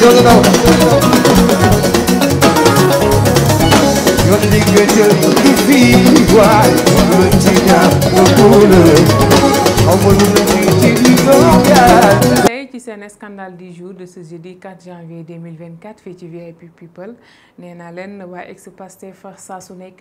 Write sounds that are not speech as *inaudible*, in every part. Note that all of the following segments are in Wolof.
chưa đâu Gần đi người chơi cứ phi hoài Luôn chỉ nhà một cô lời Ông muốn lên chính chính C'est un scandale du jour de ce jeudi 4 janvier 2024 fait VIP People Nous avons eu un ex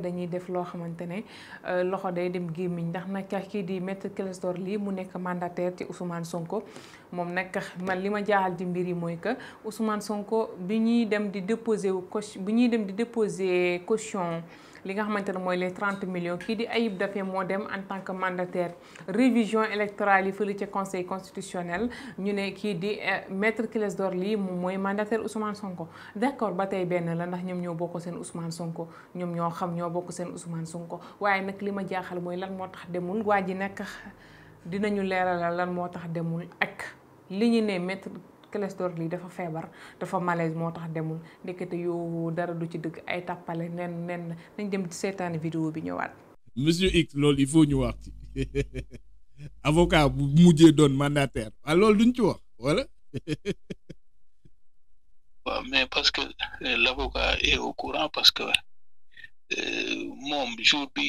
dañuy def lo xamantene euh, loxo day dem ndax di maître li mu nek mandataire ci Ousmane Sonko mom nak ma caution. li nga xamante ne mooy les trente millions kii di Ayib Daffé moo dem en tant que mandataire révision électorale yi fële ca conseil constitutionnel ñu ne kii di eh, maître Clédor lii moom mooy mandataire Ousmane Sonko d'accord ba tey benn la ndax ñoom ñoo bokk seen Ousmane Sonko ñoom ñoo xam bokk seen Ousmane Sonko waaye nag li ma jaaxal mooy lan moo tax demul waa ji nag dinañu la lan moo tax demul ak li ñu ne maître Clédor lii dafa feebar dafa malaise moo tax demul ndekete yoo dara du ci dëgg ay tàppale nen nen nañ dem ci seetaani vidéo bi ñëwaat. monsieur X loolu il faut ñu wax ci *laughs* avocat bu mujjee doon mandataire waaw ah, loolu duñ ci wax wala. *laughs* waaw mais parce que euh, l'avocat est au courant parce que euh, moom jour bi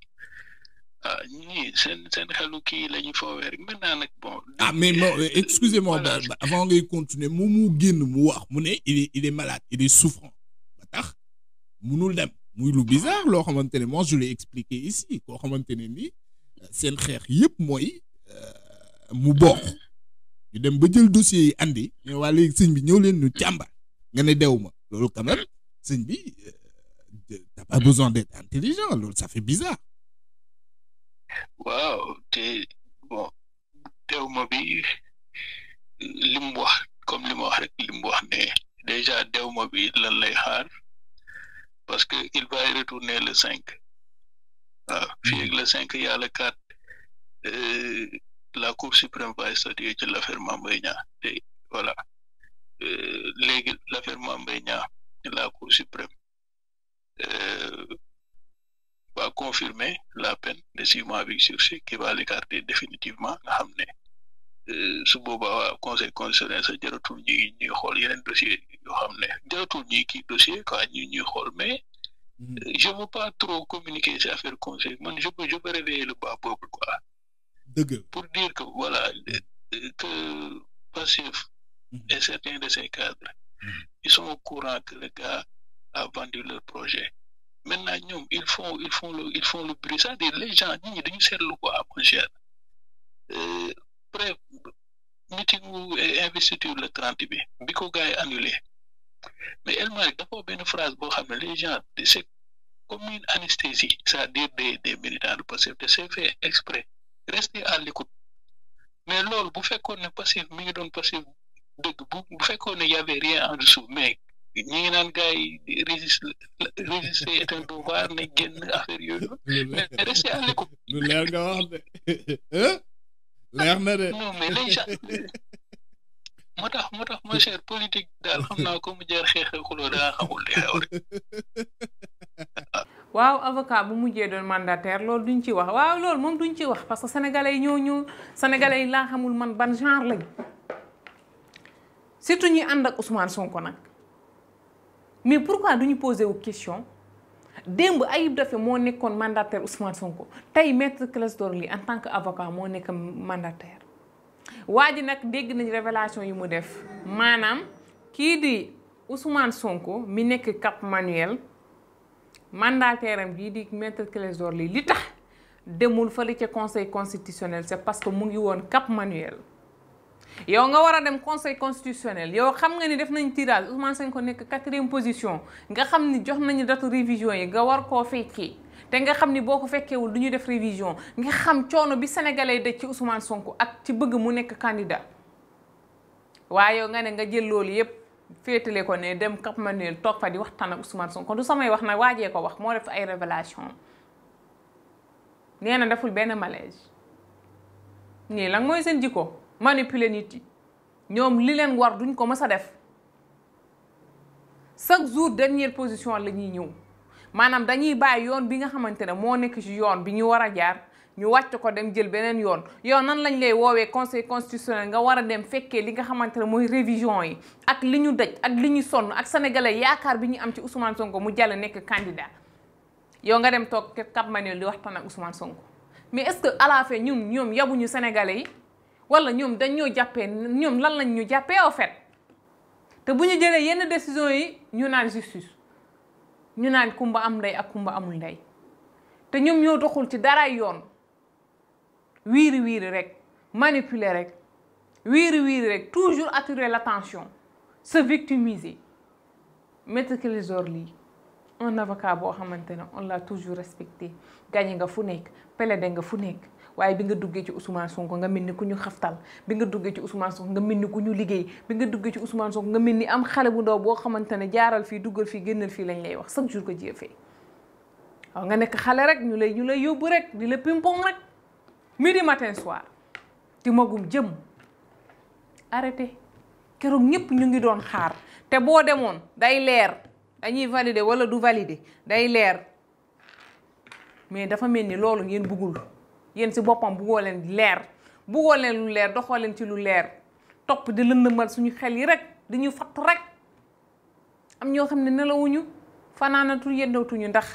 ah ñii seen seen xelu kii la ñu maintenant nag bon. ah mais non excusez-moi voilà. avant ngay continuer moom mu génn mu wax mu ne il est il est malade il est souffrant ba tax munul dem muy lu bizarre loo xamante ne moi je l'ai expliqué ici koo xamante ne nii seen xeex yëpp mooy euh, mu bokk ñu dem ba jël dossier yi andi mais waa léegi sëñ bi ñëw leen ñu càmbar nga ne dew ma quand même sëñ bi euh, t'as pas besoin d'être intelligent loolu ça fait bizarre. parce qu'il va y retourner le 5 avec ah. le 5 il y a le 4 euh, la cour suprême va essayer de et voilà euh, l'affirmer la cour suprême euh, va confirmer la peine de 6 mois avec succès qui va l'écarter définitivement ce qui va avoir conséquence sur l'essentiel de la cour suprême Mm-hmm. je ne veux pas trop communiquer ces affaires je peux réveiller le bas pour dire que voilà euh, mm-hmm. et certains de ses cadres mm-hmm. ils sont au courant que le gars a vendu leur projet maintenant ils font le ils bruit c'est-à-dire les gens ne ñi pas seetlu quoi mon cher après euh, meeting wu euh, sur le 30 b bi est gars annulé mais El Malick dafa am benn phrase boo xam ne les gens c'est comme une anesthésie c'est-à-dire des des militants de passif de c'est fait exprès rester à l'écoute mais loolu bu fekkoon ne Pastef mi ngi doon passif dëgg bu bu fekkoon ne y avait rien en dessous mais ñi ngi naan gars yi résiste résister est un devoir ne génn affaire yooyu mais rester à l'écoute lu leer nga wax de *laughs* hein? leer na de non mais les gens moo tax moo tax mooy cher politique daal xam naa ko mu jaar xeex ak xuloo daa xamul li xew rek. *laughs* waaw avocat bu mujjee doon mandataire loolu duñ ci wax waaw loolu moom duñ ci wax parce que sénégalais yi ñoo ñu sénégalais yi laa xamul man ban genre lañ surtout ñuy ànd ak Ousmane Sonko nag mais pourquoi duñu posé wu question démb Ayib Daffé moo nekkoon mandataire Ousmane Sonko tey maître Clédor Ly en tant que avocat moo nekk mandataire. waa ji nag dégg nañu révélation yi mu def maanaam kii di Ousmane Sonko mi nekk Cap Manuel mandataire am gii di maître Clédor Ly li tax demul fa ca conseil constitutionnel c'est parce que mu ngi woon Cap Manuel yow nga war a dem conseil constitutionnel yow xam nga ni def nañ tirage Ousmane Sonko nekk quatrième position nga xam ni jox nañu datu révision yi nga war koo fekki te nga xam ni boo ko fekkeewul du ñu def révision nga xam coono bi sénégalais daj ci Ousmane Sonko ak ci bëgg mu nekk candidat waaye nga ne nga jël loolu yëpp féetale ko ne dem Cap Manuel toog fa di waxtaan ak Ousmane Sonko du samay wax na waajee ko wax moo def ay révélation nee na deful benn malaise nii lan mooy seen jikko manipuler nit yi ñoom li leen war duñ ko mës a def chaque jour dernière position la ñuy ñëw maanaam dañuy bàyyi yoon bi nga xamante ne moo nekk ci yoon bi ñu war a jaar ñu wàcc ko dem jël beneen yoon yow nan lañ lay woowee conseil constitutionnel nga war a dem fekkee li nga xamante ne mooy révision yi ak li ñu daj ak li ñu sonn ak sénégalais yaakaar bi ñu am ci Ousmane Sonko mu jàll nekk candidat yow nga dem toog Cap Manuel di waxtaan ak Ousmane Sonko mais est-ce que à la fin ñun ñoom yabuñu sénégalais yi wala ñoom dañ ñoo jàppee ñoom lan lañ ñu jàppee au fait te bu ñu jëlee yenn décision yi ñu naan ñu naan kumba am ndey ak kumba amul ndey te ñoom ñoo doxul ci dara yoon wiiri wiiri rek manipuler rek wiiri wiiri rek toujours attirer l'attention se victimiser que les orli, un avocat boo xamante on l'a toujours respecté gagné nga fu nekk plaidé nga fu nekk waaye bi nga duggee ci Ousmane Sonko nga mel ni ku ñu xaftal bi nga duggee ci Ousmane Sonko nga mel ni ku ñu liggéey bi nga duggee ci Ousmane Sonko nga mel ni am xale bu ndaw boo xamante ne jaaral fii duggal fii génnal fii lañ lay wax chaque jour ko jiyee fee nga nekk xale rek ñu lay ñu lay yóbbu rek di la pimpong rek matin soir di jëm arrêté keroog ñëpp ñu ngi doon xaar te boo demoon day leer dañuy valider wala du valider day leer mais dafa mel ni loolu ngeen bëggul yéen si boppam buggoo leen leer buggoo leen lu leer doxoo leen ci lu leer topp di lëndëmal suñu xel yi rek dañuy fattu rek am ñoo xam ne nelawuñu fanaanatu yendawtuñu ndax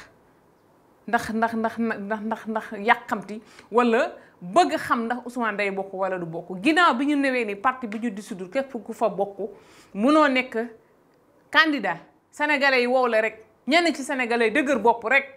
ndax ndax ndax ndax ndax ndax yàqamti wala bëgg xam ndax Ousmane day bokk wala du bokk ginnaaw bi ñu newee ni parti bi ñu dissoudre képp ku fa bokk mënoo nekk candidat sénégalais yi wow la rek ñenn ci sénégalais dëgër bopp rek